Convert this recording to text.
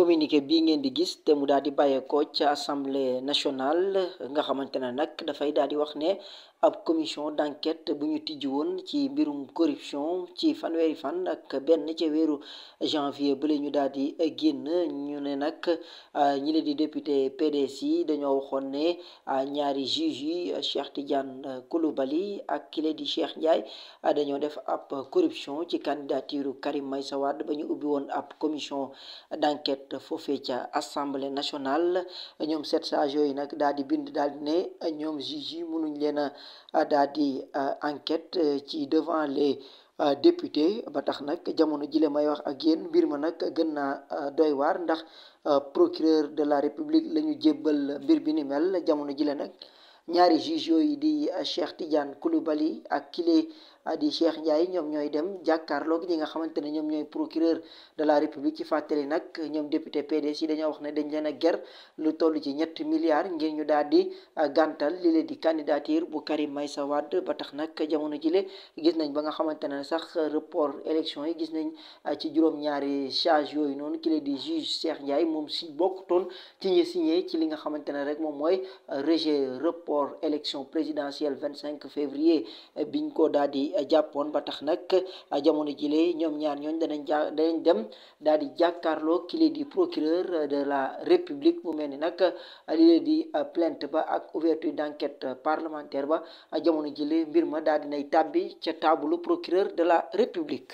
communiqué bii ngeen di gis te mu daal di bàyyeekoo ca assemblée nationale nga xamante ne nag dafay daal di wax ne ab commission d'enquête bu ñu tijji woon ci mbirum corruption ci fanweeri fan ak benn ca weeru janvier bële ñu daal di génn ñu ne nag ah, ñi leen di député PDS yi dañoo waxoon ne ah, ñaari juge yi Cheikh Tidiane Coulibaly ak ki leen di Cheikh Ndiaye ah, dañoo def ab corruption ci candidature Karim Meïssa Wade ba ñu ubbi woon ab commission d'enquête 2017 foofee ca assemblée nationale ñoom sept sages yooyu nag daal di bind daal di ne ñoom juge yi mënuñ leen a daal di enquête euh, ci devant les euh, députés ba tax nag jamono jile may wax ak yéen mbir ma nag gën naa euh, doy waar ndax procureur de la république la ñu jébbal mbir bi ni mel jamono jile nag ñaari juge yooyu di Cheikh Tidiane Coulibaly ak kile Ah, di Cheikh Ndiaye ñoom ñooy dem jàkkaarloog ñi nga xamante ne ñoom ñooy procureur de la république ci fàttali nag ñoom député PDS yi dañoo wax ne dañ leen a ger lu toll ci ñetti milliards ngir ñu daal di ah, gàntal li leen di candidature bu Karim Meïssa Wade ba tax nag jamono jile gis nañ ba nga xamante ne sax report élection yi gis nañ ah, ci juróom-ñaari charge yooyu noonu ki di juge Cheikh Ndiaye moom si bokkutoon ci ñi signé ci li nga xamante ne rek moom mooy régé report élection présidentielle 25 février eh, biñ ko daal yi jàppoon ba tax nag jamono jile ñoom ñaar ñooñ danañ ja danañ dem daal di jàkkaarloo kile di procureur de la république bu mel ni nag lii di plainte ba ak ouverture d'enquête parlementaire ba jamono jile mbir ma daal di nay tàbbi ca taabalu procureur de la république